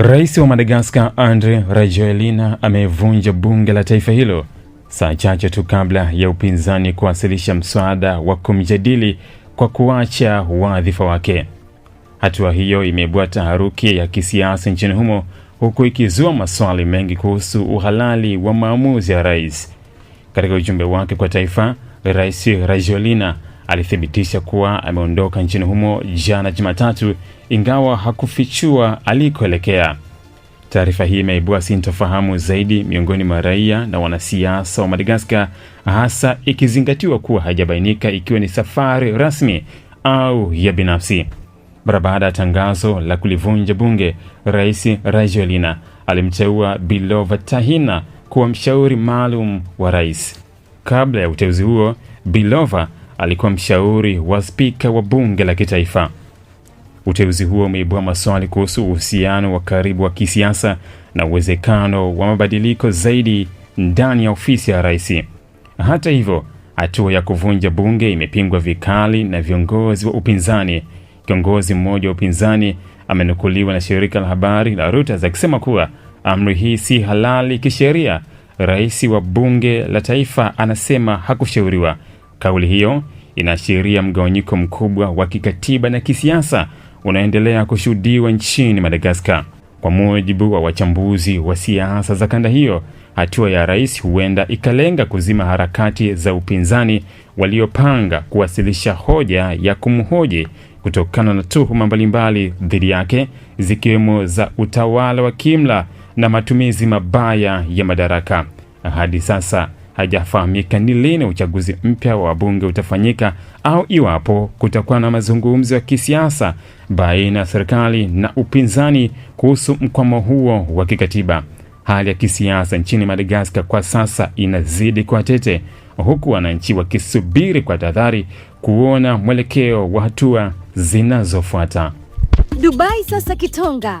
Rais wa Madagascar Andre Rajoelina amevunja bunge la taifa hilo saa chache tu kabla ya upinzani kuwasilisha mswada wa kumjadili kwa kuacha wadhifa wake. Hatua hiyo imeibua taharuki ya kisiasa nchini humo huku ikizua maswali mengi kuhusu uhalali wa maamuzi ya rais. Katika ujumbe wake kwa taifa, Rais Rajoelina alithibitisha kuwa ameondoka nchini humo jana Jumatatu, ingawa hakufichua alikoelekea. Taarifa hii imeibua sintofahamu zaidi miongoni mwa raia na wanasiasa wa Madagaskar, hasa ikizingatiwa kuwa haijabainika ikiwa ni safari rasmi au ya binafsi. Mara baada ya tangazo la kulivunja bunge, Rais Rajoelina alimteua Bilova Tahina kuwa mshauri maalum wa rais. Kabla ya uteuzi huo, Bilova alikuwa mshauri wa spika wa bunge la kitaifa. Uteuzi huo umeibua maswali kuhusu uhusiano wa karibu wa kisiasa na uwezekano wa mabadiliko zaidi ndani ya ofisi ya rais. Hata hivyo, hatua ya kuvunja bunge imepingwa vikali na viongozi wa upinzani. Kiongozi mmoja wa upinzani amenukuliwa na shirika la habari la Reuters akisema kuwa amri hii si halali kisheria. Rais wa bunge la taifa anasema hakushauriwa. Kauli hiyo inaashiria mgawanyiko mkubwa wa kikatiba na kisiasa unaendelea kushuhudiwa nchini Madagaskar. Kwa mujibu wa wachambuzi wa siasa za kanda hiyo, hatua ya rais huenda ikalenga kuzima harakati za upinzani waliopanga kuwasilisha hoja ya kumhoji kutokana na tuhuma mbalimbali dhidi yake, zikiwemo za utawala wa kimla na matumizi mabaya ya madaraka. Hadi sasa hajafahamika ni lini uchaguzi mpya wa bunge utafanyika au iwapo kutakuwa na mazungumzo ya kisiasa baina ya serikali na upinzani kuhusu mkwamo huo wa kikatiba. Hali ya kisiasa nchini Madagaskar kwa sasa inazidi kwa tete, huku wananchi wakisubiri kwa tahadhari kuona mwelekeo wa hatua zinazofuata. Dubai sasa kitonga